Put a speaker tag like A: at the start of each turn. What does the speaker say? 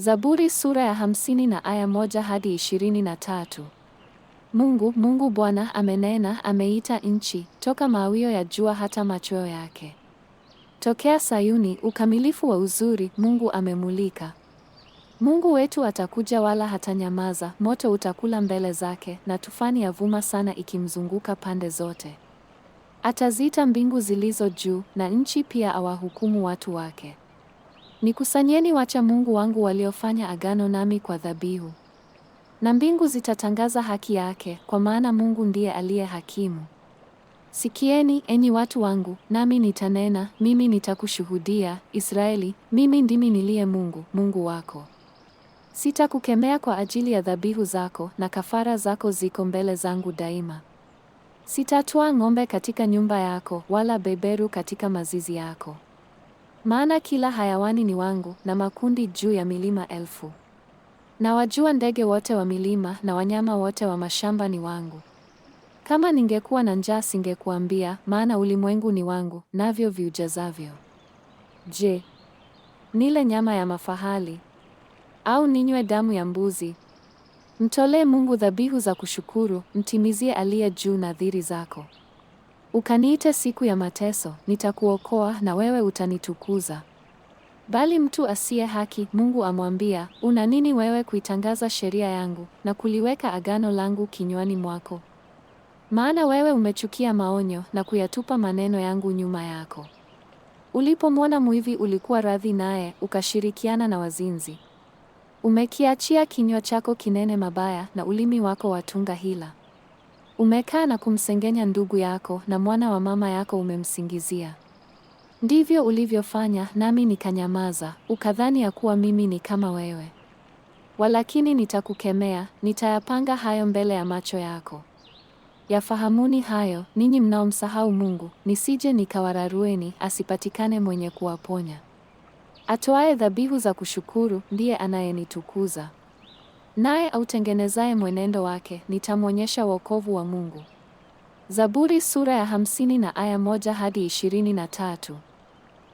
A: Zaburi sura ya hamsini na aya moja hadi ishirini na tatu. Mungu, Mungu Bwana amenena, ameita nchi toka mawio ya jua hata machweo yake. Tokea Sayuni ukamilifu wa uzuri, Mungu amemulika. Mungu wetu atakuja wala hatanyamaza, moto utakula mbele zake na tufani yavuma sana ikimzunguka pande zote. Ataziita mbingu zilizo juu na nchi pia awahukumu watu wake. Nikusanyeni wacha Mungu wangu waliofanya agano nami kwa dhabihu, na mbingu zitatangaza haki yake, kwa maana Mungu ndiye aliye hakimu. Sikieni enyi watu wangu, nami nitanena; mimi nitakushuhudia, Israeli, mimi ndimi niliye Mungu, Mungu wako. Sitakukemea kwa ajili ya dhabihu zako, na kafara zako ziko mbele zangu daima. Sitatwaa ng'ombe katika nyumba yako, wala beberu katika mazizi yako maana kila hayawani ni wangu na makundi juu ya milima elfu. Na wajua ndege wote wa milima na wanyama wote wa mashamba ni wangu. Kama ningekuwa na njaa singekuambia, maana ulimwengu ni wangu, navyo viujazavyo. Je, nile nyama ya mafahali au ninywe damu ya mbuzi? Mtolee Mungu dhabihu za kushukuru, mtimizie aliye juu nadhiri zako. Ukaniita siku ya mateso, nitakuokoa na wewe utanitukuza. Bali mtu asiye haki, Mungu amwambia, una nini wewe kuitangaza sheria yangu na kuliweka agano langu kinywani mwako? Maana wewe umechukia maonyo na kuyatupa maneno yangu nyuma yako. Ulipomwona mwivi ulikuwa radhi naye, ukashirikiana na wazinzi. Umekiachia kinywa chako kinene mabaya na ulimi wako watunga hila. Umekaa na kumsengenya ndugu yako na mwana wa mama yako umemsingizia. Ndivyo ulivyofanya, nami nikanyamaza, ukadhani ya kuwa mimi ni kama wewe. Walakini nitakukemea, nitayapanga hayo mbele ya macho yako. Yafahamuni hayo, ninyi mnaomsahau Mungu, nisije nikawararueni, asipatikane mwenye kuwaponya. Atoaye dhabihu za kushukuru ndiye anayenitukuza naye autengenezaye mwenendo wake nitamwonyesha wokovu wa Mungu. Zaburi sura ya hamsini na aya moja hadi ishirini na tatu.